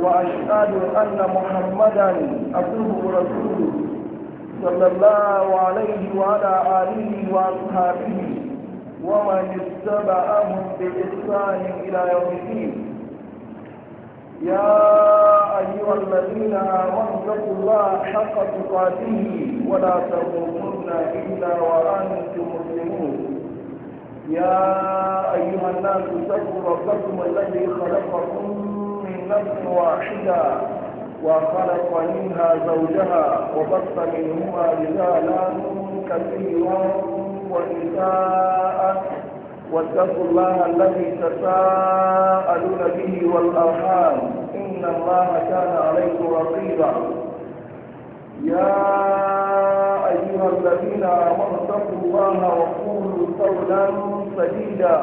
وأشهد أن محمدا عبده ورسوله صلى الله عليه وعلى آله وأصحابه ومن اتبعهم بإحسان إلى يوم الدين يا أيها الذين آمنوا اتقوا الله حق تقاته ولا تموتن إلا وأنتم مسلمون يا أيها الناس اتقوا ربكم الذي خلقكم نفس واحدة وخلق منها زوجها وبط منهما رجالا كثيرا ونساء واتقوا الله الذي تساءلون به والارحام ان الله كان عليكم رقيبا يا ايها الذين امنوا اتقوا الله وقولوا قولا سديدا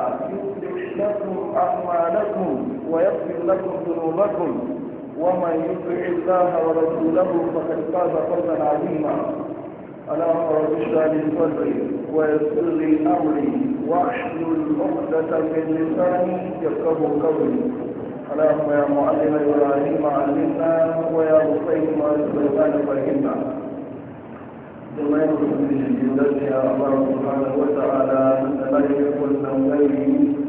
لكم أعمالكم ويغفر لكم ذنوبكم ومن يطع الله ورسوله فقد فاز فوزا عظيما ألا رب الشهر الفجر صدري ويسر لي امري واحلل عقدة من لساني يفقه قولي اللهم يا معلم ابراهيم علمنا ويا حسين سليمان فهمنا ثم يقول في جلدتها الله سبحانه وتعالى ان لا يكون من غيره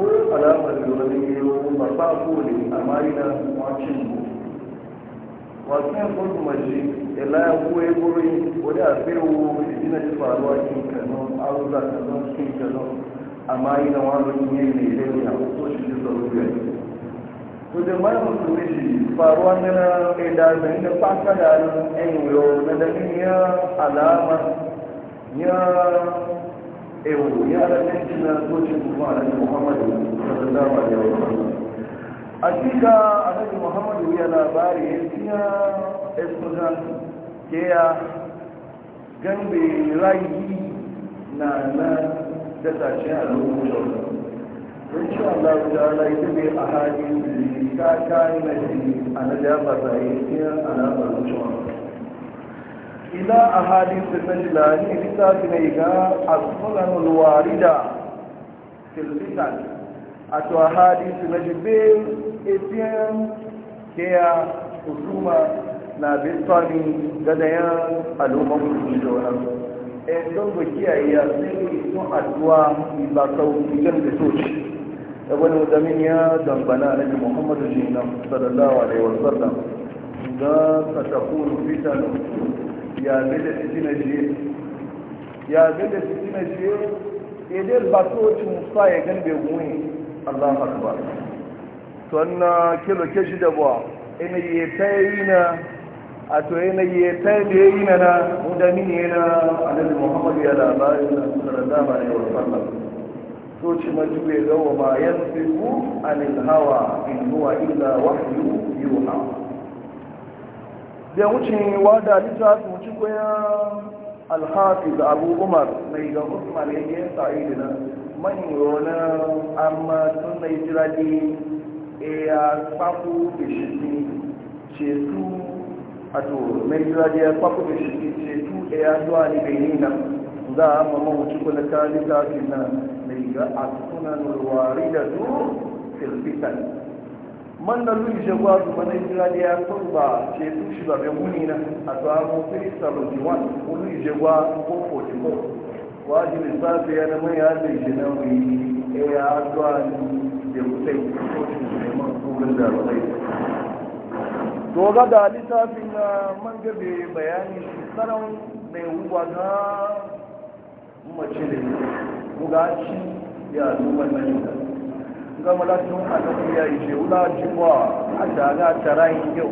ko alamar da wani yiwu ba ba kone ne a marina wacin mu wasu yan kwanzu mace ila ya kuwa ya kuri wani a wo da gina ji faruwa kin kano arzuta kano kin kano a marina wani yin yi ne ne a wasu shi ji sauru ya yi to da mara musulmi shi faruwa na na ɗaya da zai da fasa da yan yiwu na dalilin ya alama ya ewu ya alaƙaƙi na zocin kuma alaƙi muhammadu sallallahu alaihi wa sallam a cika alaƙi muhammadu ya labari ya siya esposan ke ya gambe rayu, na na da tashin al'ummar insha Allah ta ala ita ne a hali ta kayan na shi a na jaba zai tiya alamar mutuwa ila a hadin sassan lalani littafi mai ga asunan warida filfitan a to a hadin su na jibe etiyan keya hukuma na bintani gadayen al'ummar musulman e don ga kiyaye ya sai sun addu'a ba sauki jan da soci da wani zamin ya dambana na muhammadu jinan sallallahu alaihi wasallam ga ta takuru fitanun ya zai da fitina je ya zai da fitina je idil ba ci musa ya gan bai gumi Allah akbar to na kilo ke shi da ba ina yi ta yi na a to ina yi ta yi na na mudani ne na annabi Muhammad ya labari na ne wa wasallam to ci majube ga wa ma yanfiku anil hawa in huwa illa wahyu yuha da wuce wa da littafi wuce koyan da abu umar mai ga hukumar yankin sa'idu na manyo na amma sun na jira ne e eh, ya kwaku da shi su a to mai jira ne ya kwaku da shi su da eh, ya zuwa ne bai nina za a mamman wuce kuna ta su na mai ga a sunan wari da zuwa filfitan manda na lui jagwa su a jira da ya que a ce su shi a tua kai no jiwan o Luiz jagwa o koti o wajibin safe ya nama ya da é na wuri e ya é zuwa o kusa yi ko shi ne né? ma kogon da rai to ga da littafin na man gabe bayani tsaron mai wuwa na mace chile mu ga shi ya zuwa na gama latin annabi ya yi ce wula jiwa a daga ta rayin yau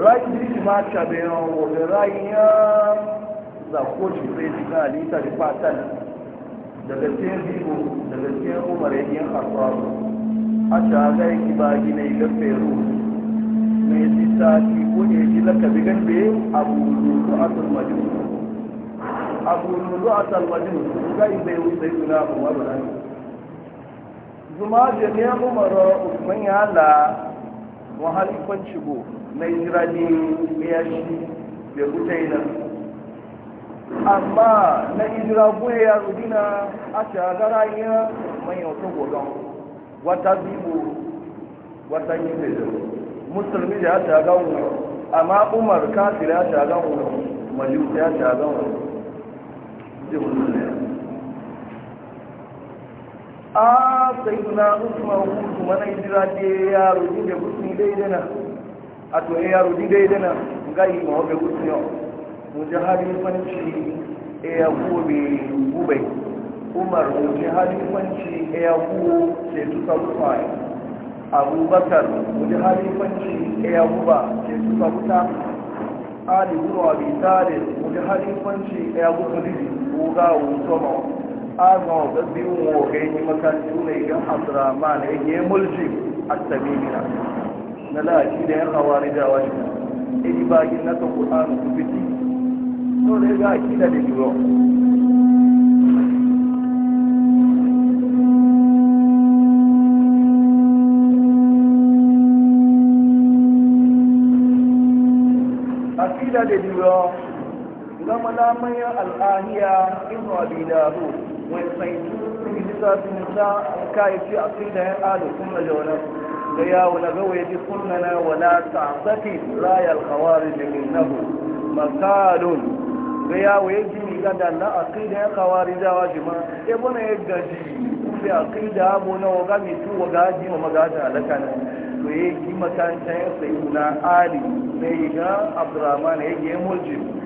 rayin ji ma ta bayan wani rayin ya zako shi sai ji na alita da fatan daga cikin zigo daga cikin umar ya yakin harfaru a shaga yake ba gina ga feru mai ji sati ko ne ji lakabi gambe abu lulu a tulmajin abu lulu a tulmajin zai bai wuce suna umaru rani zuma ne umaru usman ya la wahalikon shigo na hijira ne ya shi da kutai nan amma na hijira buye ya rudina a shagara ya manyan wata gogon wata bibu wata gizo da musulmi da ya shagan wuri amma umar kafir ya shagan wuri majusa ya shagan wuri a sai na usman kuma na hijira ce yaro ji da kusin daidai na a to ya yaro ji daidai na gai ma wabe kusin yau mu ji halifanci ya gobe gube umar mu ji halifanci ya kuwo ce tuka mutane abubakar mu ji halifanci ya guba ce tuka mutane ali gudu abi talib mu ji halifanci ya gudu ko ga wuce mawa azon ga biyu mu ga yi makarantu ne ga abdurrahman ya yi mulki a tabimina na lashi da yan hawari da wani iri bagin na kan kuɗa su fiti so da ga akida da jiro da jiro gama lamayin al'ahiya inu abi daru wani littafin ta kayi fi a fi da yan alu kuma jaunar da yawo na gawaye ji sunana wala ta saki rayar kawari da innahu makalun da yawo ya ji ni gada na a da yan kawari dawa ji ma ya bana ya gaji fi a fi da abu na waga mai tu waga ji ma ta halaka na to ya yi makaranta ya sayi na ali na yi ga abdurrahman ya yi mulkin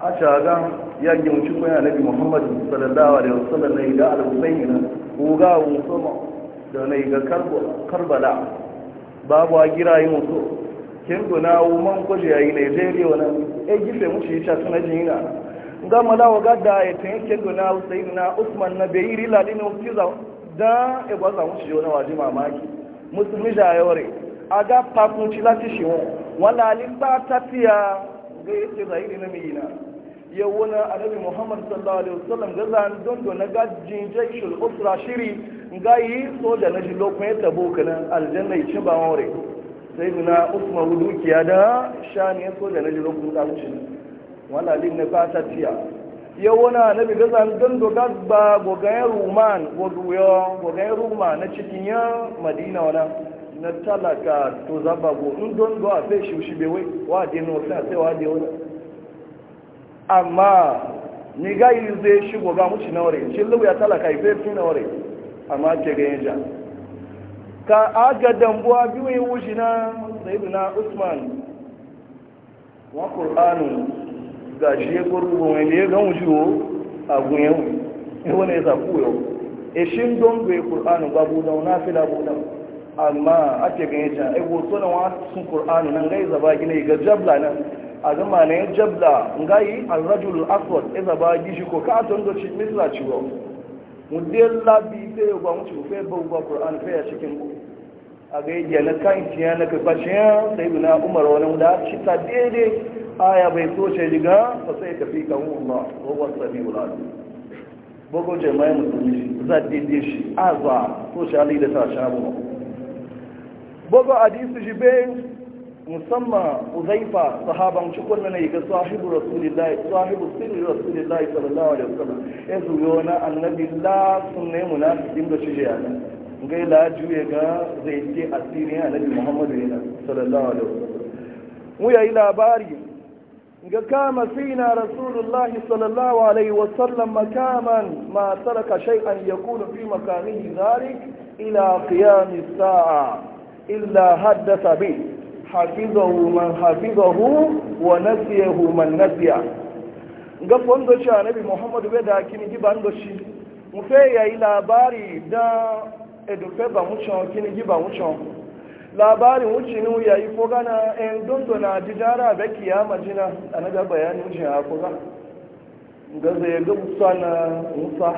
a shagan yagin wuce kuma yana nabi muhammadu sallallahu alaihi wasallam na iga al-husaini na uga musamman da na iga karbala babu a gira yi mutu kin guna man kwaje yayi nigeria wani e gife mushi ya shafi na jina ga malawa ga da ya tun kin guna husaini na usman na bai yi ladin da e gwaza mushi na waje mamaki musulmi da yaware a ga fakunci lati shi wala limba tafiya ga yake zahiri na miyina ya wuna annabi muhammad sallallahu alaihi wasallam ga zan dondo na gajin jaishul usra shiri ga yi so da na ji lokacin ta tabo kana aljanna ya ci ba more sai na usma dukiya da shani ya so da na ji lokacin da ci wala lin na fata tiya ya wuna annabi ga zan dondo ga ba gogayen ruman gogayen gogayen ruman na cikin ya madina wala na talaka to zaba go in don go a sai shi shi bewai wa dinu sai sai wa dinu amma ni ga yi zai shigo ga muci na ware shi lubu ya talaka ife fi na ware amma ke ga yin ja ka aga dambuwa biyu yi wuce na zaidu na usman wa ƙur'anu ga shi ya gurgu mai ne gan wuce a gunyen ne wani ya zaku yau e shi don bai ƙur'anu ba buɗa na fi da buɗa amma ake ga yin ja e hoto na wasu ƙur'anu nan gai zaba gina ga jabla nan a ga mana ya jabla ngayi an rajul aswad iza ba gishi ko ka tun da shi misla ciwo mudde la bi te ba mu ciwo fe ba ba qur'an fe ya cikin ku a ga na kan tiya na ka bace sai na umar wani da shi ta dede aya bai so ce diga fa sai ka fi kan Allah wa huwa samiul alim bogo jama'a musulmi za dede shi azwa so shi ali da ta shabu bogo hadisi jibe مسمى حذيفة صحابة شكرا لك صاحب رسول الله صاحب سر رسول الله صلى الله عليه وسلم إذ يونا النبي لا سنة منافقين بشجعنا نقول لا جوية زيتي أسيري النبي محمد صلى الله عليه وسلم ويا إلى باري قام فينا رسول الله صلى الله عليه وسلم مكاما ما ترك شيئا يكون في مكانه ذلك إلى قيام الساعة إلا حدث به hafizahu man hafizahu wa nasiyahu man nasiya ga fondo ci annabi muhammad bai da kini giba ndo shi mu fe yayi labari da edufe ba mu chon kini giba mu chon labari mu ci nu yayi ko gana en dondo na dijara be kiyama jina anaga bayani mu ci ko ga ga zai ga musana musa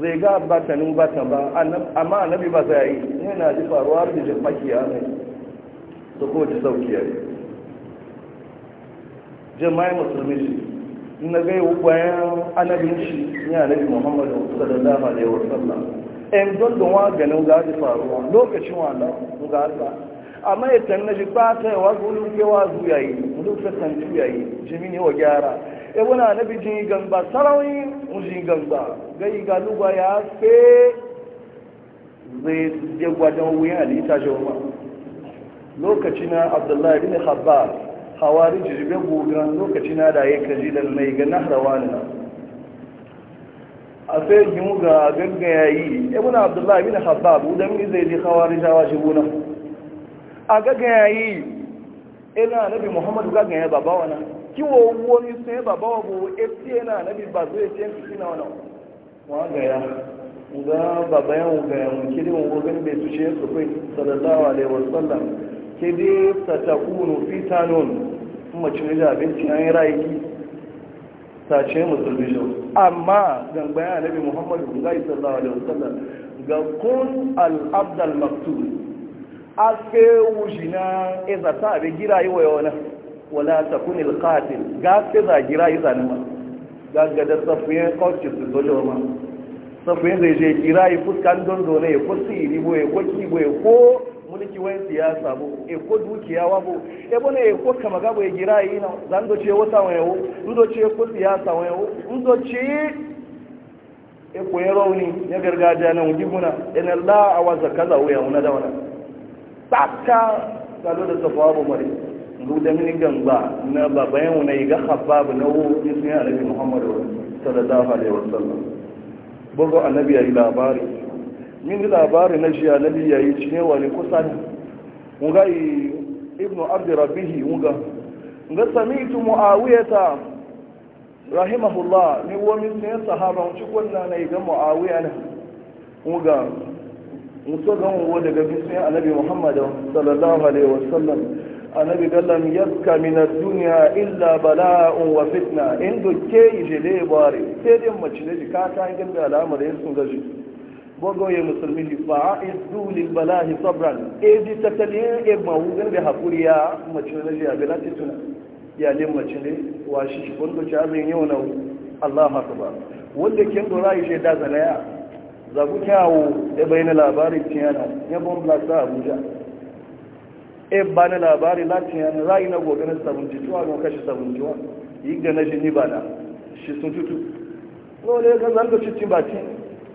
zai ga batanin batan ba amma annabi ba zai yi yana ji faruwa da jin makiyama da kuma ji sauki yayi jama'i musulmi shi na gai bayan anabin shi ya nabi muhammadu sallallahu alaihi wasallam en don don wa ganin ga ji faruwa lokacin wannan ga alba amma ya tanna shi ba ta yawa gulu ke wa zuya yi mu ta san zuya yi jimi ne wa gyara e wana nabi jin gamba sarawi mu jin gamba gai ga lugwa ya fe zai je gwadon wuya ali ta jawma lokaci na abdullahi bin khabbab hawari jirgin gugan lokaci na da ya kaji da mai ga nahrawa ne a sai gimu ga gaggaya yi ibn abdullahi bin khabbab budan zai ji hawari jawa shi guna a gaggaya yi ina nabi muhammadu gaggaya baba wana kiwo wani sai baba wa bu efti yana nabi ba ya ce fi na wana wa gaya ga baba yan ga kiri kidin gogan bai ce su kai sallallahu alaihi wasallam ke dai satakunu fitanun macin da abinci an yi rayu sace musulmi jau amma gangbaya annabi muhammadu zai sallawa da wasallam ga kun al'abdal maktul a fe wujina iza e ta abin gira yi waya wani wala ta kun ilkatil ga fe za gira yi zanen ma ga gada safiyan kawci su dojo ma safiyan zai je gira yi fuskan dondo ne ko siri boye ko kiboye ko mulki wai siyasa bo e ko dukiya wa bo e bone e ko kama gabo e gira yi na zan do ce wata wa yawo ndo ce ko siyasa wa yawo ndo ce e ko yero ni ya gargajiya na wuji muna in Allah awaza kaza wa yawo na da wannan tsaka salo da safawa mari ndu da ni gamba na babayen na yi ga khabbab na wo ni sun yi annabi sallallahu alaihi wasallam bogo annabi ya yi labari min labari na jiya na biya yi cinye wani kusa ne nga yi ibnu abdi rabihi nga nga samitu muawiyata rahimahullah ni wo min yi sahaba mu cikon na na ga muawiya ne nga muso ga mu wo daga bin Alabi annabi muhammad sallallahu alaihi wasallam annabi gallam yaska min ad-dunya illa bala'un wa fitna in do ke yi jele bare sai dai mace ne ka ta alamar yin sun gaji ye musulmi ni fa izu lil balahi sabran e di tataliye e wu e da hakuri ya mace ne ya bela tituna ya le mace ne wa shi shi kondo cha zai yau na Allah akbar wanda kin dora yi zana ya zabu kyawo e bayyana labarin tiyana ya bon sa abuja e bana labari latin yana rai na gobe na tuwa don kashi 71 yi gana shi ni bana shi sun tutu dole ga zanga cikin bakin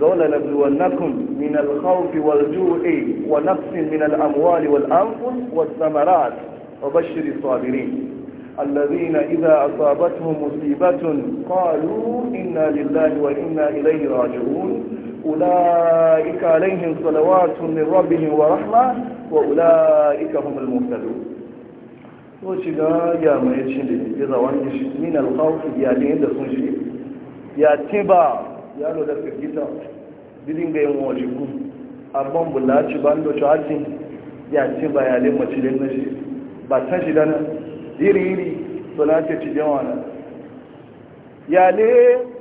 قول لبلونكم من الخوف والجوع ونقص من الأموال والأنفس والثمرات وبشر الصابرين الذين إذا أصابتهم مصيبة قالوا إنا لله وإنا إليه راجعون أولئك عليهم صلوات من ربهم ورحمة وأولئك هم المهتدون وشغا يا ما يشيل إذا وانش من الخوف يا دين شيء يا تبا yalo da firgita didin ga yin abon abban ci ban da cocin ya ce bayanin macilin na shi ba ta shi dana iri-iri bulaci ci jawa na ya ne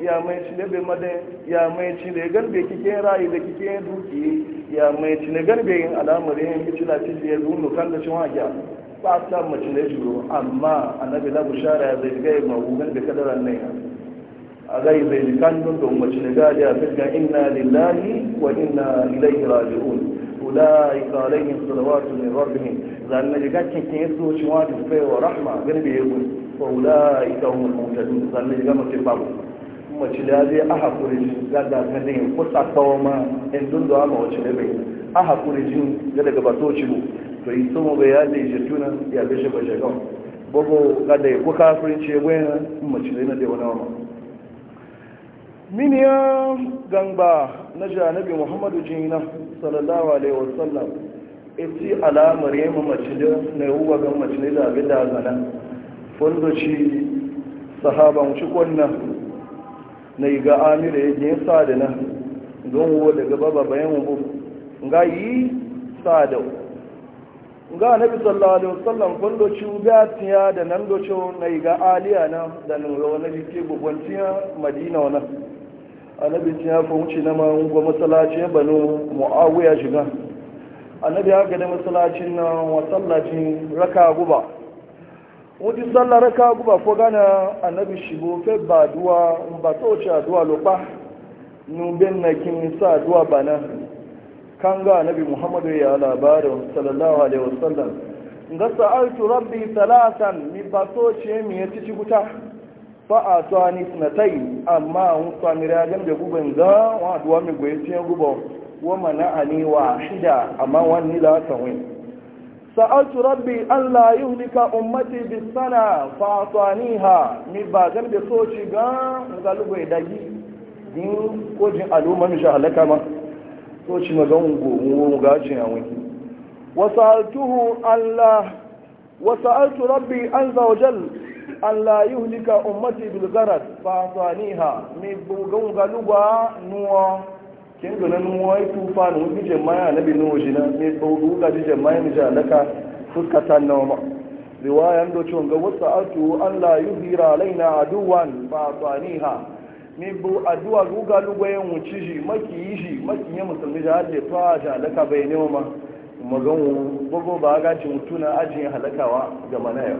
ya mai ci ne bai ya mai ci ne garbe kike rayu da kike duki ya mai ci ne garbe yin alamar yin kici na ci ya zuwa kan da cin wajiya ba a samu mace ne juro amma annabi na bushara ya zai gaya magugan da kadaran nai ya agai zai likan don da umarci na gadi a fiskan inna lillahi wa inna ilaihi raji'un ulai ka alaihim salawatu min rabbihim zan na jiga cikin yaso shi wa da fa wa rahma gani bai yego Ko ulai ka hum mutadun zan na jiga mutum babu umarci da zai a hakuri ga da kan din ko sakawa ma in dun da ma wace ne bai a hakuri jin ga daga batoci mu to yi somo bai ya da jituna ya bishe bashe gawo bobo kada ya ko kafirin ce wani umarci ne na da wani miniyan gangba na janabi muhammadu jina sallallahu alaihi wasallam iti alamar yamma mace da na yawuwa gan mace ne zaɓe da zana fulzoci sahaban cikon nan, na yi ga amira ya sa da nan, don wo daga baba bayan wubu ga yi sada ga nabi sallallahu alaihi wasallam fulzoci biya da nan doce na yi ga aliya na da nan rawa na jike gubantiya madina wannan annabi ya fi wuce na ma matsalacin masallaci ya banu ya shiga annabi ya ga matsalacin masallacin na matsalacin raka guba wuti sallah raka guba ko gana annabi shigo fe ba duwa ba a duwa lokpa nubin na kin sa ba bana kan ga annabi muhammadu ya labarin sallallahu alaihi wasallam ga sa'altu rabbi talatan mi ba tsoci mi ya ci guta fa'atuwa ni sinatai amma a samira jam da guban za wa duwa mai goyi cikin guban wa mana a ne wa shida amma wani za ta wani sa'altu rabbi allah yi hulika ummati bi sana fa'atuwa ni ha ni ba zan da so ci ga galibai dagi din ko jin shi mi shahalaka ma so ci magan gobe gajin yawon wasa'altuhu allah wasa'altu rabbi an zawajal an la yuhlika ummati bil gharat fa saniha mi bugun galuba nuwa kin gona nuwa yi tufa ne wani na binu wa jina mi bugun ga jama'a mi jalaka fuska ta nama riwayan do chon ga wasu atu an la yuhira alaina aduwan fa saniha mi bu aduwa guga lugo yan wuci shi maki yi shi maki yi musulmi da hadde fa jalaka bai nema ma magan gbogbo ba a cin tuna ajiye halakawa ga mana yau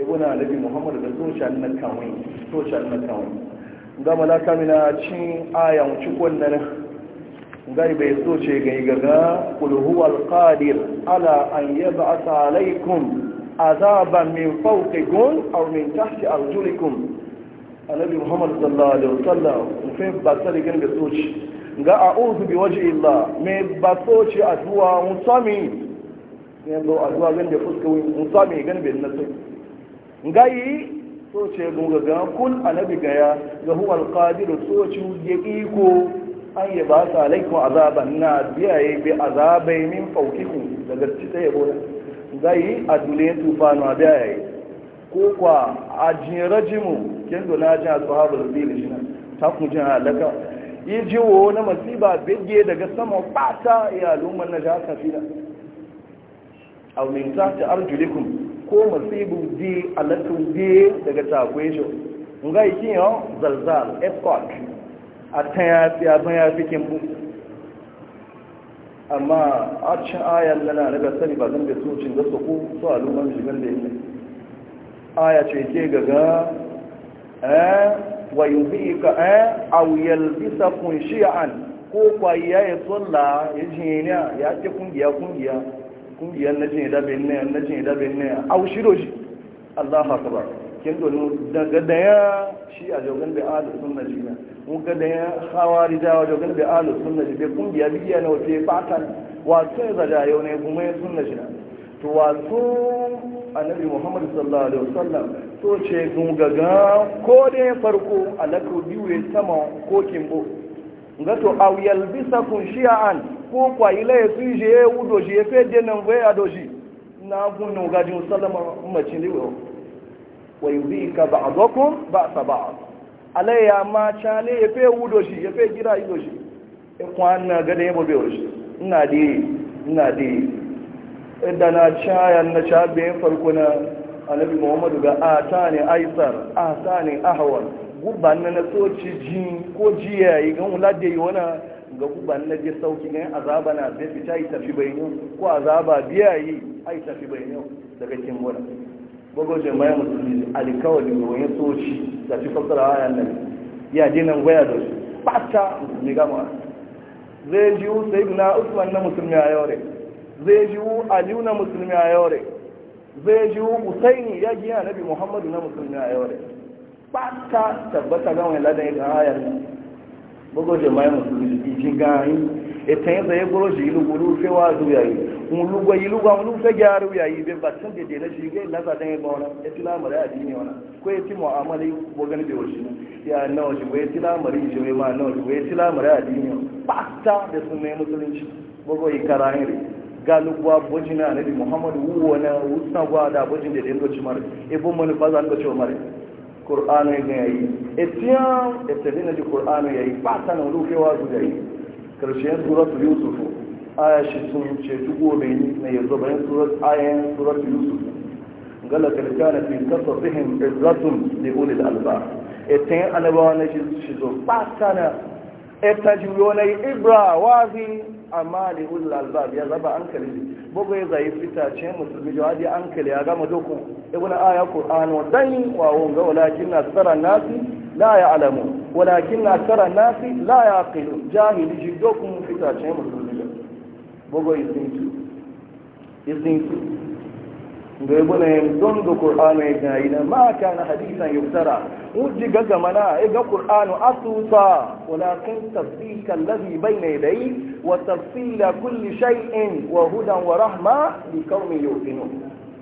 ya gona alabi muhammadu da toshan na kawai toshan na kawai ga malaka mina cin aya wuce kwanan gai bai so ce gai gaga kulhuwal qadir ala an yab'atha alaykum azaban min fawqikum aw min tahti arjulikum annabi muhammadu sallallahu alaihi wasallam fe basari gan da soci ga a'udhu bi wajhi illah me basoci addu'a musamman ne do addu'a gan da fuska musami gan bin nasai gayi so ce gungaga kun annabi gaya ga huwa alqadiru so ci ya iko an yi ba sa alaikum azaban na biyaye bi azabai min faukiku daga cikin ta yabo gayi a dule tufanu a biyaye ko kwa a jinrajimu kin dona jin ashabul bil shi ta kun ji halaka yi jiwo na masiba bege daga sama fata ya lumman na jaka aw min ta arjulikum ko masibu di alatu di daga takwai shi nga yi kiyan oh, zalzal epoch a ta ya fi abin ya fi kimbu amma a ci ayan lana na sani ba zan da sucin da su ku su al'umman shigar da yi aya ce ke gaga eh wa yubika eh aw yalbisa kun shi'an ko kwaye ya tsalla ya jinya ya ce kungiya kungiya kungiyar na jin idabe ne na jin idabe ne a ushiro shi haka ba kin don daga daya shi a jogin da alu sun na jina mu ga daya khawari da jogan da alu sun na jina kungiya bigiya na wace fatan wato ya zaja yau ne kuma ya sunna ji to to wato annabi muhammadu sallallahu alaihi wasallam to ce gaga ko da farko alaka biyu sama ko kimbo ngato aw yalbisakum shi'an koko kwa ila ya su je ya wu doji ya fe de nan a doji na gunan gajin salama mace ne wa wa ka ba azokun ba sa ba alayya ma chale ya fe wu doji ya fe gira yi doji e gada ya bobe doji ina na e na farko na alabi muhammadu ga ata ne aisar ata ne ahwal gubban jin ko jiya wula yi ga guban na je sauki ne azaba na zai fita yi tafi bai ne ko azaba biya yi a yi tafi bai ne daga kin gona gogo jama'a musulmi alkawali ne wani soci da fi fasara a yan nan ya je nan waya da su bata musulmi gama zai ji wu sai na usman na musulmi a yau zai ji wu aliyu na musulmi a yau zai ji wu usaini ya giya nabi muhammadu na musulmi a yau bata tabbata ga wani ladan ya ga ayan nan gbogbo jama'a musulmi ijin ganin ita e yin zaye goro shi ilugu rufe wa zuwa yi ulugu ilugu a wani fage ya ruwa yi bai batun da dena shi gai nasa dan yaba wani ya ti lamari a di ni wani ko e ya ti mu'amali ko gani bai wasu ya nawa shi ko ya ti lamari shi wai ma nawa shi ko ya e ti lamari a di dini wani bata da sun mai musulunci gbogbo yi kara yin rai galugwa ale bi muhammadu wuwa na san gwa da de bojin da dena doci mara ibo manufa zan ci wa mara kur'an ya gaya yi etiyan etedin na ji ƙor'anu ya yi fata na rufewa su da yi ƙarshen suratu yusufu aya shi sun ce dubu mai ya zo bayan ayan suratu yusufu gala karka na fi kasa fihin izzatun da ulil alba etiyan anabawa na shi zo fata na etajiyo na ibra wazi amma da ulul albab ya zaba ankali ne bugu ya zai fita ce musulmi jawadi ankali ya gama doko. ibn aya qur'an wa dani wa won ga walakin nasara nasi la ya'lamu walakin nasara nasi la yaqilu jahili ji doko fita ce musulmi bugu izinki izinki da ya bune don da ƙur'anu ya gina ina ma ka na hadisan yuftara wuji gaga mana ya ga ƙur'anu asusa walakin tafsikan lafi bai ne da yi wa tafsila kulli shay'in wa hudan wa rahma li kaumin yu'minu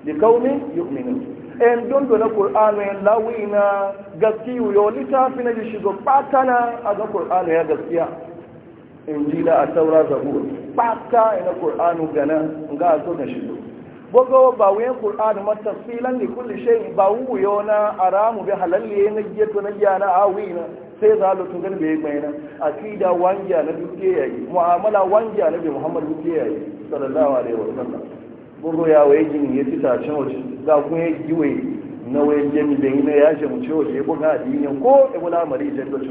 li kaumin yu'minu en don da ƙur'anu ya lawi na gaskiyu yo littafi na shigo patana a ga ƙur'anu ya gaskiya In injila a saura zabur pata ina ƙur'anu gana ga zo na shigo bogo ba wuyan qur'ani ma filan ne kulle shayin ba wuyo na aramu bai halalle na geto na awi awina sai za a lu mai na a akida wangiya na duke yi muamala wangiya na bai muhammad duke yayi sallallahu alaihi wasallam bogo ya waye gini ya fita cin wace za kun ya giwe na waye jami da na ya ce mu ce waje ko ga addinin ko ya ibn mari ya jaddo ce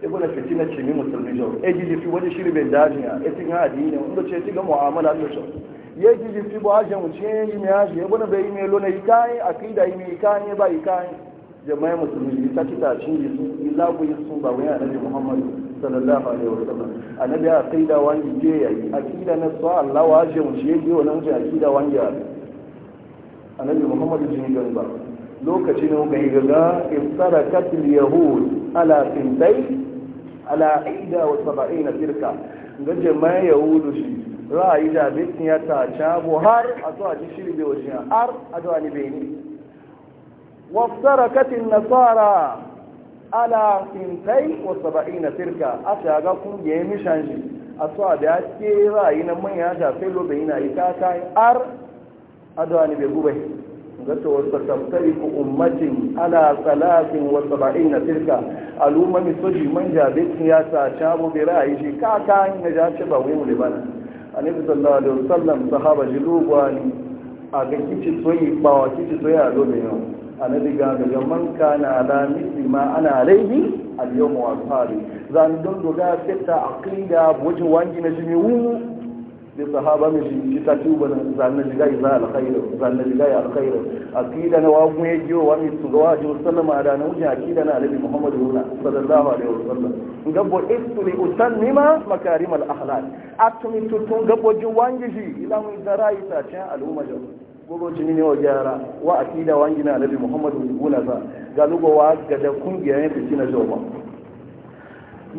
ya ibn fiti na cimi musulmi jo ya ji ji fi wani bai dajiya ya fi tin addinin wanda ce ci ga muamala da shi yake ji fi a ajan wuce yi me aje yabo bai me ikaye a kai da yi me ikai ba ikaye jama'a musulmi ta kita shi yi illa ku yi su ba wani annabi Muhammadu, sallallahu alaihi wa sallam annabi da wani je A kida na so Allah wa ajan wuce yi wannan je kida wani ya annabi muhammad jin gamba lokacin ga yi gaga iftarakat al-yahud ala fintai ala saba'ina firka ga jama'a yahudu shi ra'ayi da bitin ya ta cabo har a zuwa ji shiri da wajen har a zuwa ni beni katin nasara ala kai wa ba'i na firka a shaga kungiya ya shi a zuwa da ya ke ra'ayi na manya ta filo bai na yi kaka har a zuwa ni bai gubai gata wasu tattari ku ummatin ala salafin wa saba'in na firka al'ummami soji manja bitin ya ta cabo bai ra'ayi shi kaka na ja ce ba wani bana annabi sallallahu alaihi wasallam sahaba ji lugwa a ga kici soyi bawa kici soyi a zobe yau annabi ga daga ka na ala misli ma ana alaihi al yawm wa ashabi zan don doga fitta aqida bujin wangi na jimi wu da sahaba mai shi ta ci ba zanna jigai za alkhairu zanna jiga ya alkhairu akida na wagu ya jiwa wa mai su gawa ji sallama da na a kida na alabi muhammadu runa sallallahu alaihi wasallam gabbo usan nima makarim al A atumi tutun gabbo ji wangi shi ila zara yi ta cin al'umma da gogo ci ne wa gyara wa akida wangi na alabi muhammadu runa za ga wa ga da kungiyar fitina jowa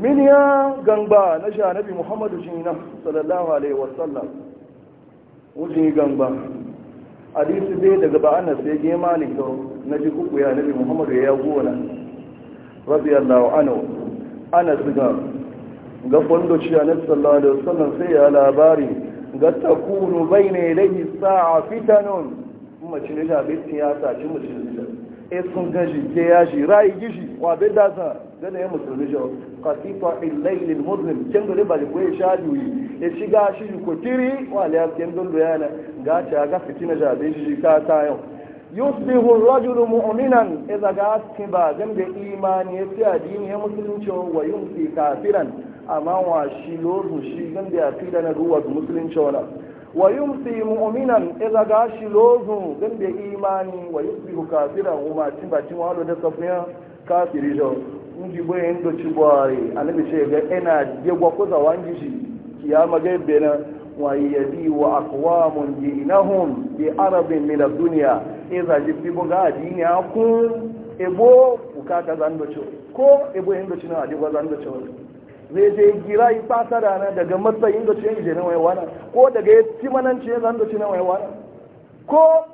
min ya gangba na sha nabi muhammadu jina sallallahu alaihi wasallam wujin gangba hadisi dai daga ba anas sai ge malik na ji kuku ya nabi muhammadu ya gona radiyallahu anhu anas ga ga fondo ci anas sallallahu alaihi wasallam sai ya labari ga takunu bayna ilayhi sa'a fitanun mace ne da bitin ya saci mutum e sun gaji ke yaji rayi gishi wa bai da zan gane ya musulmi jau katifa illailin muslim can gari ba da kwaye sha duyi ya shiga shi ko kiri wa aliyasken dundu na ga ce a ga fitina jabe shi ka ta yau yusbihu rajulu mu'minan idza ga ba zan da imani ya fi addini ya musulunci wa yumsi kafiran amma wa shi lorin shi zan da ya fi da na ruwa musulunci wala wa yumsi mu'minan idza gashi lozu gan da imani wa yusbihu kafiran huma tin ba tin walo da safiya kafiri jo inji boyen do ga ina je gwa ko za wangi shi kiyama ga bena wa yadi wa aqwamun dinahum bi arabin min ad-dunya idza jibi ga dini ebo zai je gira yi fata da daga matsayin da cikin ije na waiwana ko daga ya ci mananci ya zan da ci na waiwana ko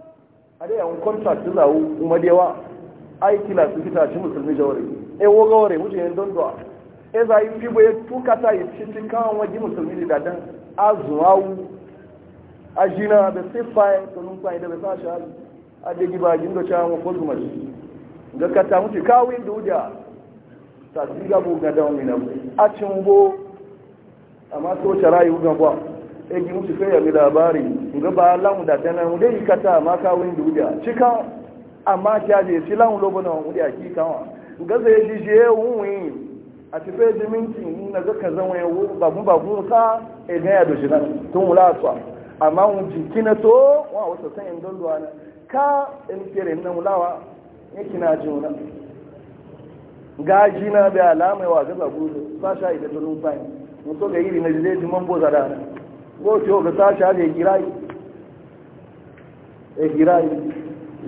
a da yawon contract za wu kuma da yawa aiki na su fita ci musulmi jawari e wo gawari wuce yin don zuwa e za yi fibo ya tuka ta yi ci cin kawon waje musulmi da dan azuwa wu a jina da sifaye sunun kwaye da bai sa shi a da giba gindo cewa mu ko zuma ga kata mutu kawai da wuja tàbí gabo ga dáwọmìnà a cin bo a masu wace rayu gaba egi musu kai yabi labari ga ba da tanan dai kata ma kawun dubiya cika amma kya je si lamu lobo na wuri a ki a ga zai ji je wuwi a ti fe ji minti na ga ka babu babu ka e ga ya amma ji kina to wa san in don duwa ka in kere na gaji na bai alama wa gaza gudu sasha ita ta nufa ne mutu ga iri na jide ji man boza rana goce ga sasha da ya girayi ya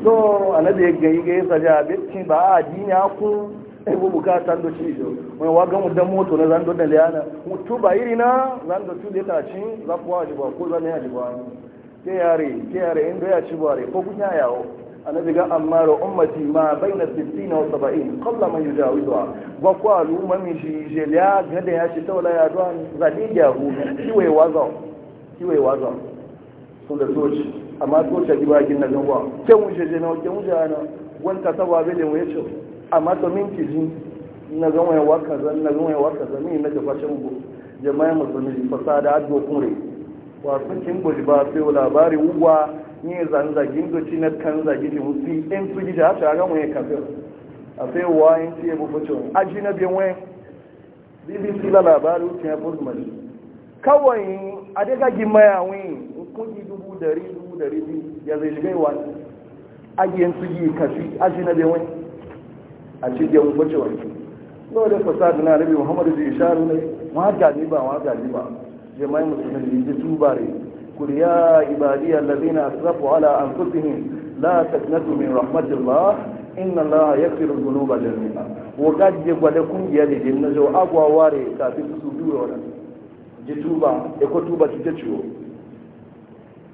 so anabi ga gayi gayi saja bitin ba a ah, dini aku ebo bukatan do ci jo mai wagan mu dan moto na zando da liana mutu ba iri na zando tu da ta cin zafuwa ji ba ko zan ya ji ba ke yare ke yare inda ya ci bare ko kunya yawo annabi ga amma ra ummati ma baina 60 wa 70 qabla man yujawizuha ba ku al'umma mi shi jeliya ga da ya shi taula ya duwa zadi ya hu kiwe wazo kiwe wazo sun da toci amma toci ji ba gin na ganwa ke mun jeje na ke mun ja na wanta tawa bele mu yace amma to min kiji na ganwa ya waka zan na ganwa ya waka zan ni na ga fashin mu jama'a musulmi fasada addu'a kure wa sun kin gojiba sai labari uwa ni zanzagin doci na kan zagi ji musu in su gida a shagan a sai wa yin su yabo na biyan wani bbc la labarin wucin ya fudu mai kawai a daga ya wani kuɗi dubu dari dubu dari ya zai shiga yi wani aji yin kafi na biyan a wani n'o da na rabi muhammadu zai sharu ne ba ba jama'in musulmi ji tubare قل يا عبادي الذين أسرفوا على أنفسهم لا تكنسوا من رحمة الله inna الله yaghfiru dhunuba jami'a wa gaje gwada kungiya da واري na jau agwa ware kafin su duwa wannan ji tuba e ko tuba ki ta ciwo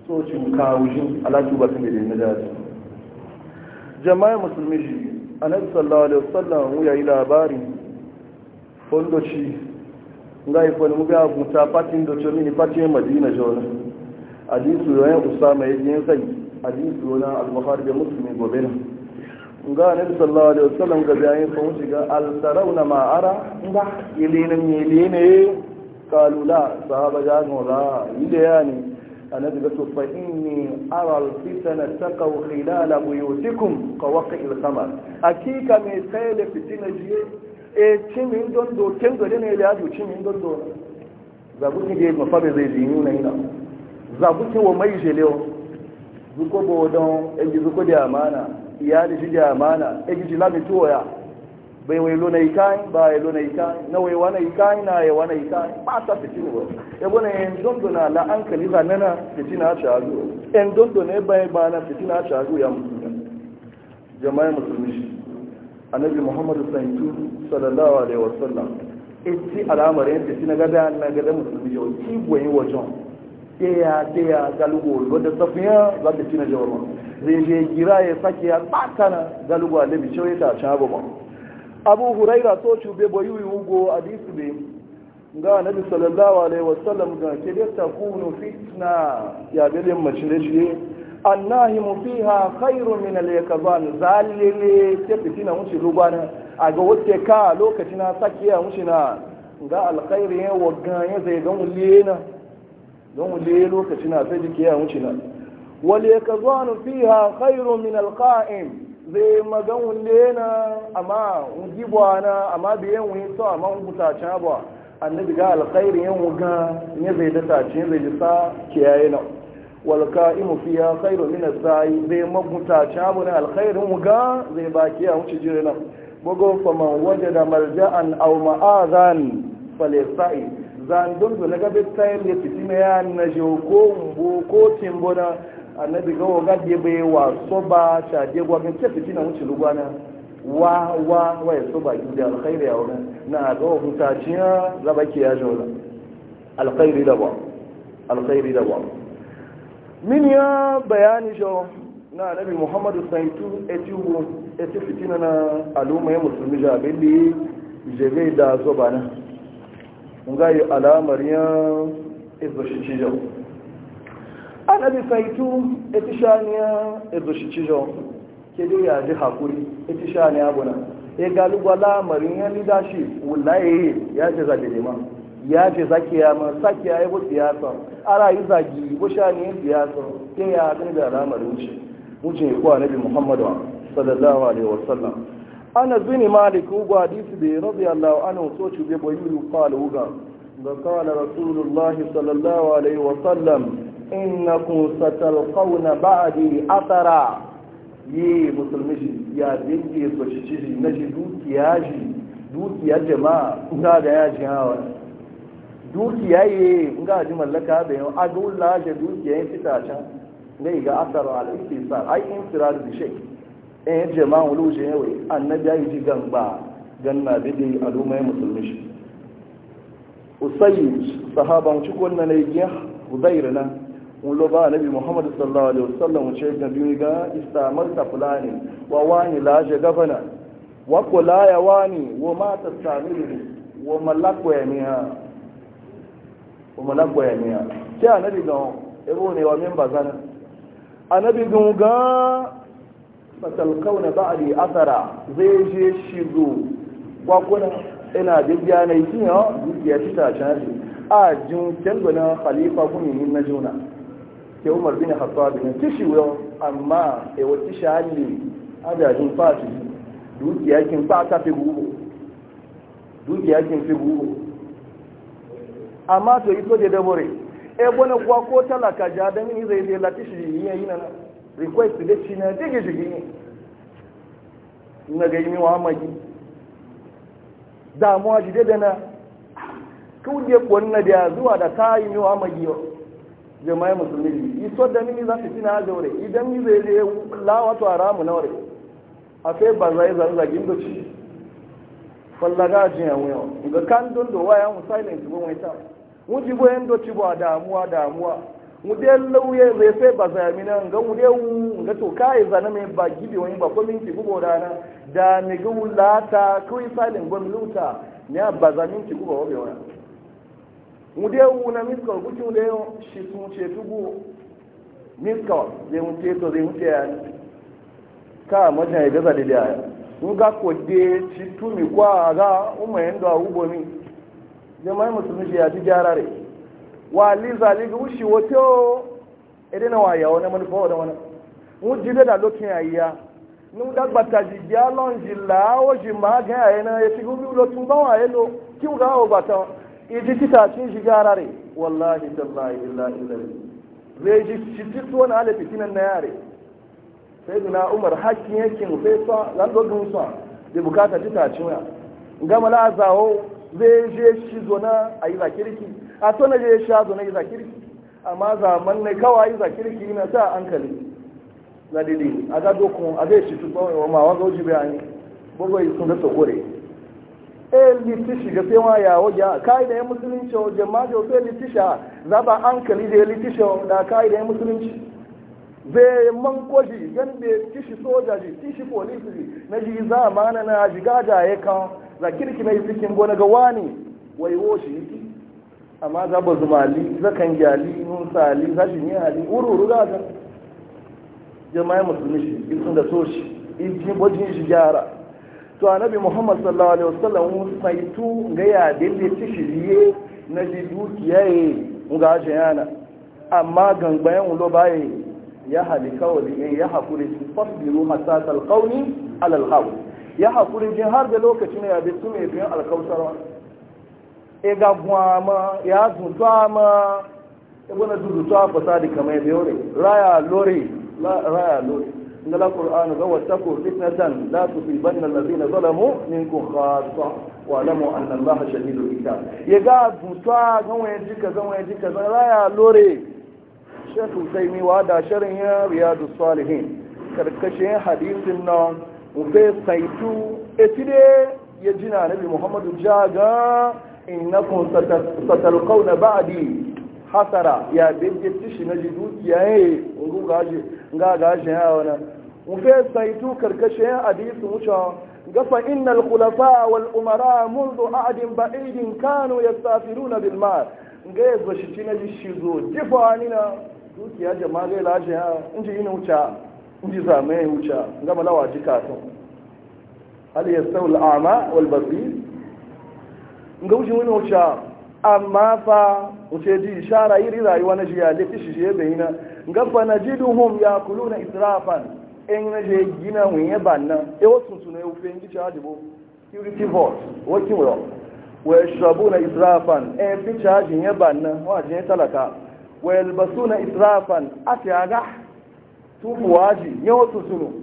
so cin kawujin ala tuba sun da musulmi ngai mu ga mu ta chomi ni patin madina jona hadisu yayin usama ya yin sai hadisu na al-bukhari da muslim gobe na ga nabi sallallahu alaihi wasallam ga yayin sun shiga al-sarawna ma ara ba ilina milina kalula sahaba ga nora iliyani annabi ga to fa inni ara al-fitana taqaw khilala buyutikum ka al-qamar hakika me sai da fitina jiye e cimin don do kin gode ne da ya cimin don do zabu ne ga mafabe zai yi nuna ina zaguke wa mai jeleo zuko bo don egi zuko da amana iyali shi da amana egi shi lami tuwaya bai wai lona ikai ba ya lona ikai na wai wana ikai na ya wana ikai ba ta fitin e ba ya gona yin dondo na la an kali zanana fitina a shagu Yin dondo ne bai ba na fitina a shagu ya musulmi jama'a musulmi shi annabi muhammadu sanju sallallahu alaihi wasallam ita al'amarin fitina gada na gada musulmi shi wa kiboyin wajen teya teya galugo wadda safiya za ta tina jawar zai je gira ya sake ya na galugo a labi cewa ta ci abu ba abu huraira so cube bayi yugo a disu be ga nabi sallallahu alaihi wasallam ga ke da ta kunu fitna ya bilin mace da shi annahim fiha khairun min al-yakzan zalile ke fitina mun shi lugwana a ga wace ka lokacin na sakiya mun shi na ga alkhairi ya wagan ya zai ga mun lena don wule lokaci na sai jike ya wuce nan wale ka zuwa fiha khairu min alqa'im zai magan wule na amma gibwa na amma biyan wuyi so amma guta cha ba annabi ga alkhairu yan wuga ne zai da tace ce zai sa kiyaye na wal qa'imu fiha khairu min as-sa'i zai maguta cha na alkhairin wuga zai baki kiyaye wuce jire nan bugo man wajada malja'an aw ma'azan falisa'i zandun da na gabe tsayin da fiti na yan na jau mbu ko timbo na annabi ga waga da bai wa so ba ta je gwa kan fiti na wuce lugwana wa wa wa ya so ba da alkhairi ya wani na ga huta ciya zaba ke ya jola alkhairi da ba alkhairi da ba min ya bayani jau na annabi muhammadu saitu etihu eti fitina na al'umma ya musulmi jabili da so ba na nga yi alamar yan izoshicijo ana bi saitu etishaniya ke kedu ya ji hakuri etishaniya abuna ya e, galuba lamarin yan leadership wulaye ya ce zage ma. ya ce zake ya ma sake ya yi bu siyasa ara yi zagi bu shaniyin siyasa ke ya gani da lamarin wuce wuce ko annabi muhammadu sallallahu alaihi wasallam ana zini malik ugwa hadisi da radiyallahu anhu so ci be boyu qala uga ga qala rasulullah sallallahu alaihi wa sallam innakum satalqawna ba'di athara yi musulmi ya dinke so ci ci na ji dukiya ji dukiya jama'a ga ga ya ji hawa dukiya yi, ga ji mallaka da yau adulla ji dukiya yin fita can ga ga athara al-istisar ai insirar bi shay in eh, jama'an lushe yawai annabi ya yi ji gamba ganna bidi ya musulmi shi usayi sahaban ci kwanna na yi hudaira na wulo ba nabi muhammad sallallahu alaihi wasallam wuce ga biyu ga istamar ta fulani wa wani laje gafana wa kula ya wani wa mata ne wa malakwa ya miya wa malakwa ya miya ce annabi ga ebo ne wa min bazana annabi ga fatalkauna ba'di asara zai je shigo kwakuna ina dubiya na yi kiyo dukiya ci ta canji a jin kyangona khalifa kuma na juna ke umar bin hatsabi na kishi wuyan amma e wata shahali adajin fati dukiya kin fata fi gugu dukiya kin fi gugu amma to ito da dabore e gwana kwa ko talaka ja da mini zai zai latishi yayi na. request da shi na dage shigi ne na ga yi damuwa shi da na kuje kwanna da zuwa da ta yi muhammadi yau jama'i musulmi iso da nini za su fi na zaure idan yi zai zai lawatu a ramu na ware a sai ba zai zai da shi fallaga jiya wuyo ga kan don da waya musailin su gwamnati wujibu yan doci ba damuwa damuwa mudel lauye zai sai ba zami nan ga mude ga to kai zana mai ba gibi wani ba ko minti gubo dana da mi gula ta kai salin gon luta ne ba zami ki gubo wabe wani mude wu na miskal gutu yo shi sun ce tugu miskal zai mu ce to zai mun ce ka mata ya gaza da da mun ga ko de shi tumi kwa ga umma yanda ubo ni jama'a musulmi ya ji jarare wa liza liga wushi wato idan wa yawo na manufa wa wani mun ji da lokin ayya nun da gbata ji ya lon ji la o ji ma ga ya na ya e ti gubi lo tun ba wa lo. ki ga o bata? iji e ti ta cin ji garare wallahi tallahi illa illa zai ji ci ti tuwa na ale fitinan na yare sai duna umar hakkin yakin sai sa lan dogun sa da bukata ti ta cin ya gama la zai je shi zona a yi zakirki a to na je sha zona yi zakirki amma zaman ne kawai yi zakirki na sa hankali na dide a ga dokun a zai shi tuba wa ma wa gauji bayani bugwai sun da tsokore. eh litishi ga sai ma ya waja kai da ya musulunci jama'a da sai litisha za ba hankali da ya litisha da kai da ya musulunci zai man kwaji gan da tishi soja ji tishi polisi na ji za mana na jiga da ya kan za kirki na yi cikin gona ga wani wai wo shi amma za ba zuma za zakan gyali nun sali za shi ne hali wuri za ka jama'a musulmi shi sun da so shi in shi gyara to annabi muhammad sallallahu alaihi wasallam sai tu ga ya dinde ci shiriye na ji dukiya ye ga yana amma gangbayan ulo baye ya halika wali ya hakuri fasbiru hasatal qawli alal hawl ya haƙuri jin har da lokaci ne ya su mai biyan alkausarwa e ga ma ya zuntuwa ma e ya gwana zuntuwa fasadi kamar biyo ne raya lori raya lori inda la qur'anu ga wattaqu fitnatan la tusibanna allazina zalamu minkum khassa wa lamu anna allaha shadidul iqab ya ga zuntuwa ga wani jika zan wani jika zan raya lori shekhu sai mi wada sharin ya riyadu salihin karkashin hadisin nan ufe saitu etide ya jina nabi muhammadu jaga innakum satalqawna ba'adi hasara ya binje tishi na dukiya ye eh, ngu gaje nga gaje ya wana ufe saitu karkashe hadisi wuce gafa fa innal khulafa wal umara a'adin عهد بعيد ya safiru na bilmar. yazo shi na shi zo jifa ni dukiya jama'a gai lajiya ha inji ina wuce inji zama ya wuce gama lawa ji kasu? hal ya sau al'ama wal ga wucin wani wuce amma fa wuce ji yi iri rayuwa na jiya da kishi shi ya bayyana na fa na ji duhun ya kulu na israfan in na je gina mun ya banna e, ya wasu su ne wufe in ji cewa jibo security vote working well wa shabu na israfan e, ya fi cajin ya banna wa ya talaka wa albasu na israfan a ga tufu waji yawa wasu sunu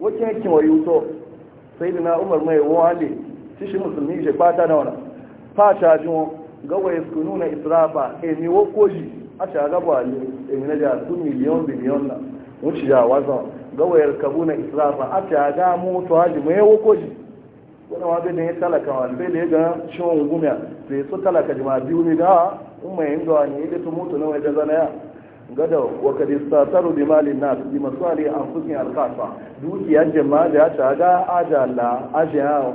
wace yakin wa yuto sai na umar mai wale shi shi musulmi shi fata na wana fata jin gawa ya su nuna israfa emi wakoji a ta gaba ne emi na da su miliyon biliyon na wuce da wazan gawa ya kabu na israfa a ta ga moto haji mai wakoji wani wa bai ya talaka wa sai da ya ga ciwon gumiya sai su talaka jima biyu ne da umar yin gawa ne ya da su moto na wajen zanaya gada wa kadi sataru bi malin nas bi masali anfusin alqasa dukiya jama'a da ta ga ajala ajiya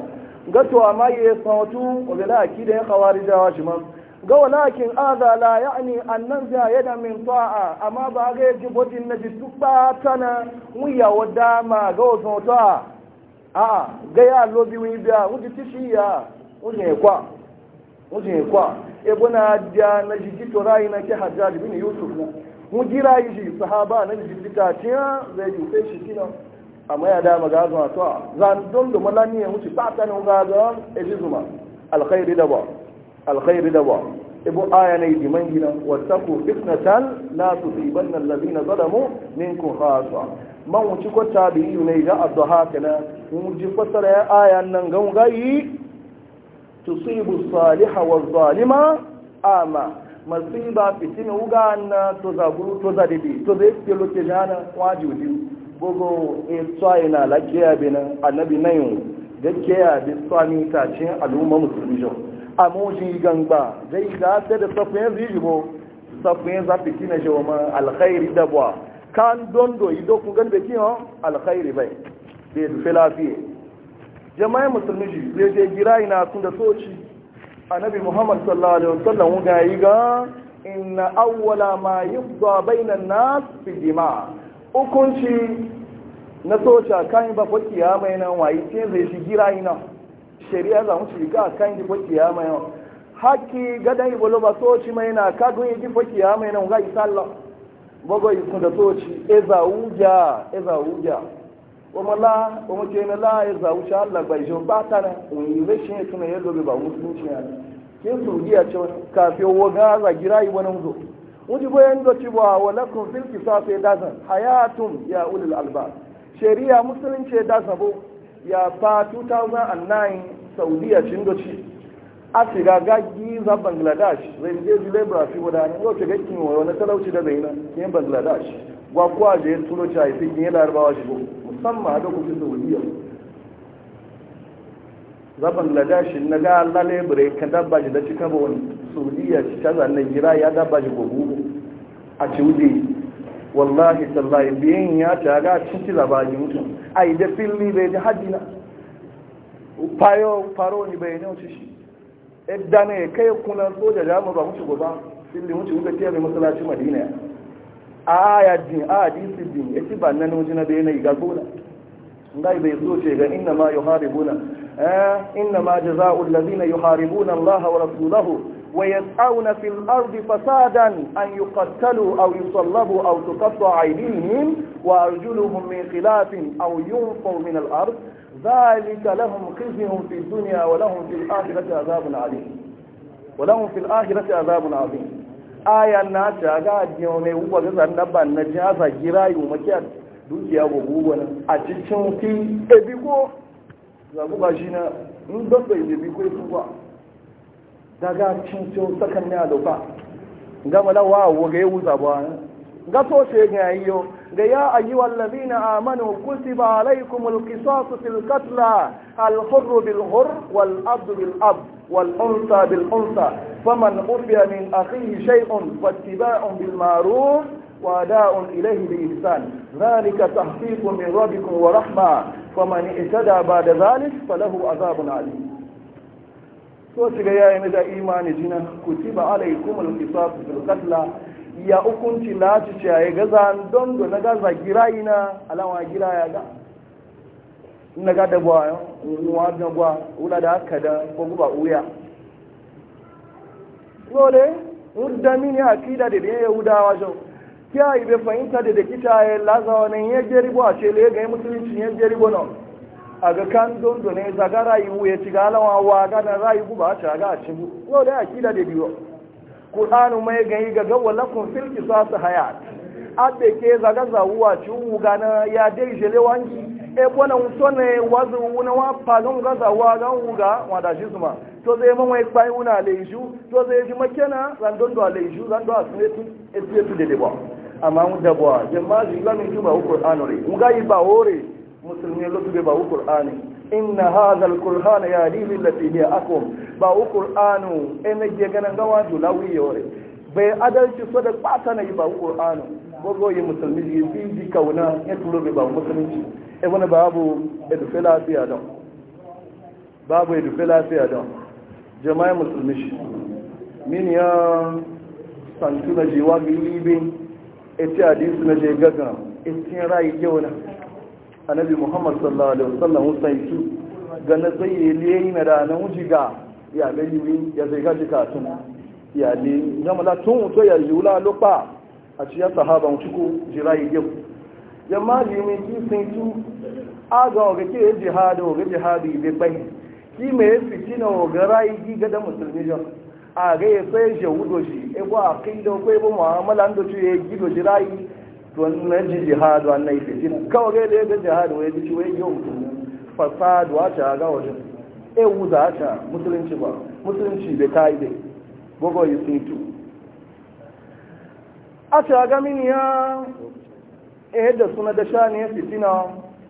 gato amma ye sautu wala akida ya khawarija wa shi man ga walakin azala yani annan za yada min ta'a amma ba ga ji bodin na ji tukba tana muya wada ma ga sautu a a ga ya lobi wi biya wuji tishiya wuji kwa wuji kwa ebona da na ji rai na ke hajjaj bin yusuf mu jira yi shi sahaba nan jijjita tiya ah, zai jufe shi kina a ya dama gazo a to zan don da malani ya wuce ta ta nan gazo e ji zuma alkhairi da ba alkhairi da ba ibu aya ne diman gina wattaku fitnatan la tusibanna allazina zalamu minkum khasa man wuce ko tabi'i ne ga haka na mu ji fasara ya aya nan gan gayi tusibu salihah wa zalima ama masiba fitina uga na to za guru to za dede to zai fiye loke jana waji uji gogo e tsaye na lakiya bi nan annabi ke ya bi tsani ta ce al'umma musulmi A amma ji gangba zai ga ta da safiyan zijibo safiyan za fitina jo ma alkhairi dabwa kan dondo ido ku gan be kiyo alkhairi bai bai filafi jama'a musulmi ji je girai na kun da soci annabi muhammad sallallahu alaihi wasallam ga yi ga inna awwala ma yubda bainan nas fi jima hukunci na soca kan ba ya mai nan wayi ce zai shi gira ina shari'a za mu shi ga kan ji ko mai nan haki gada yi bolo ba soci mai na ka gun yi ko mai nan ga isalla bogo yi kun da soci eza uja eza uja wọ́n lá wọ́n jẹ́ iná láàyè zàwùsá àlàgbà ìṣòro bá tara òun ìwé ṣe é tún ẹ̀yẹ́ lóbi bá wọ́n tún ṣe àná kí n ẹ̀ tún káfí owó gan azàgírá ìwọ́n ń zò wọ́n ti bóyá ń dọ̀tí bọ́ àwọn lẹ́kùn fílkì sáfẹ́ dazan àyà ya yà ó lè musulunci dazan bo ya fa 2009 saudiya cin dọ̀tí a shiga gagi za bangladesh zai je zile brasil wadani yau talauci da zai na bangladesh tulo a yi larabawa musamman a lokacin saudiya zaban shi na ga lalai bure ka dabba shi da cika ba wani saudiya shi ta zanen gira ya dabba shi gobe a ciwuje wallahi tallahi biyan ya ta ga cikin labari mutum a yi da fili bai ji hajji na fayo faro ni bai nauce shi ɗan ne kai kuna soja da mu ba mutu gobe fili mutu kuka tiyar masalaci madina aya din a disi din ya ci ba nan wajen da yanayi ga gona ngai bai so ce ga inna ma yuharibuna inna ma jazaa'u allazina yuharibuna Allah wa rasulahu wa yas'auna fil ardi fasadan an yuqattalu aw yusallabu aw tuqatta'a aydihim wa arjuluhum min khilafin aw yunfaw min al ard ذلك لهم خزي في الدنيا ولهم في الآخرة عذاب عظيم ولهم في الآخرة عذاب عظيم aya na ta ga ajiyan ne uba ga zan dabba na ji hasa kira maki umakiya dukiya ba gugu na a cikin fi ebi ko zagu ba shi na in don bai ebi ko su ba daga cin cin sakan ne a doka gama lawa wa ga yi wuza ba قطو شيء يا أيها الذين آمنوا كتب عليكم القصاص في القتلى الحر بالحر والأب بالأب والأنثى بالأنثى فمن عفي من أخيه شيء فاتباع بالمعروف وأداء إليه بإحسان ذلك تحقيق من ربكم ورحمة فمن اهتدى بعد ذلك فله عذاب عليم so shiga ya yi na da imani jina kutiba ya hukunci lati ce ya gaza don do na gaza gira na alawa gira ya ga ina ga da gwa nuwa da gwa wula da aka da ko guba uya lole ne mini kida da da yahudawa jo yi ibe fahimta da da kita ya laza wani ya jeribo a ce ga yi musulunci ya jeribo no a ga kan don ne zaga rayu ya ci ga alawa wa ga na rayu guba a ci a ga a ci lole kida da biyo Kur'anu mai gani ga gawa lakun filki su su haya abbe ke zaga zawuwa ci wuga na ya dai jele wangi e kwana wuto ne wazu wuna wa pagan ga zawuwa ga wuga wada shi zuma to zai man wai kwai wuna leju to zai ji makena randon do leju randon a sune etu, e etu de dede ba amma mu da ba jama'a ji ga min ju ba Qur'anu re mu ga yi ba hore musulmi lo tu be ba Qur'ani inna hadhal qur'ana yahdi lil lati hiya aqwam ba u qur'anu ene je ganan gawa dulawi yore bai adalci so da kwata na yi ba qur'anu gogo yi musulmi yi e bi bi kauna tulo turo ba musulmi? e wani babu edufe lafiya don babu edufe lafiya don jama'a musulmi min ya santu na jiwa bi ibe eti hadisi na je gaga etin rayi ke wani annabi muhammad sallallahu alaihi wasallam husain su ga na yi liyayi na da na ga ya ga yi ya zai gaji katun ya ne gama la tun wuto ya wula lokpa a ciya sahaban ciku jira yau yamma yiwu ki sun su a ga oga ke jihadi oga jihadi bai bai ki mai fitina oga rayu ki ga da musulmi jan a ga ya sai shi wudo shi ebo a kai da kwaibo mu'amala ndo ci ya gido jirayi tun na ji jihadu an na yi kawai gai da ya ga jihadu ya ji ciwo ya fasadu a ta ga wajen e za a ta musulunci ba musulunci bai kayi dai gogo yi a ga mini ya e, suna da sha ne fitina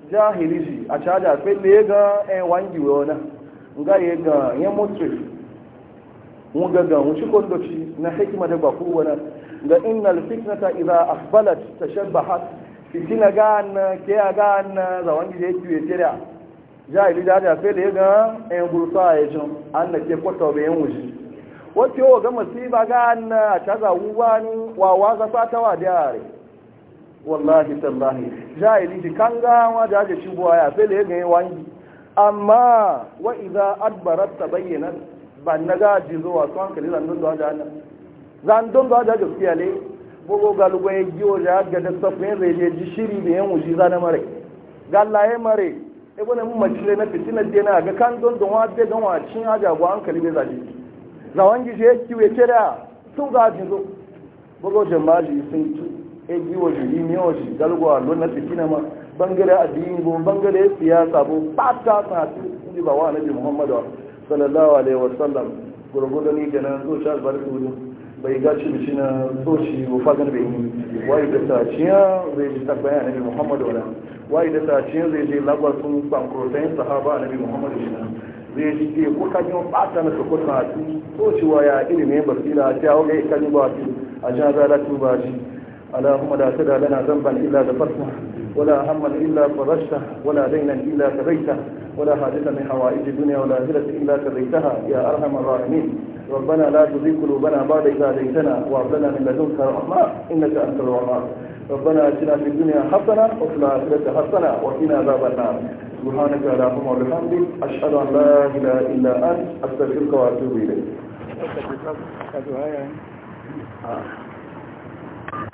jahili ji a ta da sai da ya ga eh wangi ya ga ya mutu ga ga na hikima da ga innal fitnata idza aqbalat tashabbahat fitina gan ke gana za wangi da yake yake da jahili da da fe da ga en gursa ya jin an ke kwato be yan wuji wato yau ga masiba gan ta za wani wa za fata wa dare wallahi tallahi jahili di kanga wa da da shi ya fe da ga wangi amma wa idza adbarat tabayyana ban naga jizo wa son kallan nan da jahannam zan don ba da gaskiya ne bugu galugo ya giyo da ga da safin zai je ji shiri da yan wuji zana mare galla ya mare e bane mun mace na fitina da na ga kan don don wa da don wa cin aja go an kalibe zaji zawan gi je ki we da su ga ji zo bugu jama'i sun ci e giyo ji ni miyo ji galugo a don na fitina ma bangare addini go bangare siyasa sabo fata ta ni ba wa annabi muhammadu sallallahu alaihi wasallam gurgudani ni kenan so shar barku bai gaci da shi na soci wufa gani bai yi wayi da saciya zai ji tabbaya nabi muhammadu wala wayi da saciya zai je labar sun bankrotayin sahaba a nabi muhammadu shi na zai ji ke ko kan yi wa bata na sokoto a su soci wa ya ilimin basira ta hau ga ikan yi ba su a jan zara tu ba shi allahumma da ta da lana ban illa da farko ولا هم إلا فرجته ولا دينا إلا كبيته ولا حاجة من حوائج الدنيا والآخرة إلا كبيتها يا أرحم الراحمين ربنا لا تزغ قلوبنا بعد إذا ديتنا وابدنا من لدنك رحمة إنك أنت الوهاب ربنا آتنا في الدنيا حسنة وفي الآخرة حسنة وفينا باب النار سبحانك اللهم وبحمدك أشهد أن لا إله إلا أنت أستغفرك وأتوب إليك.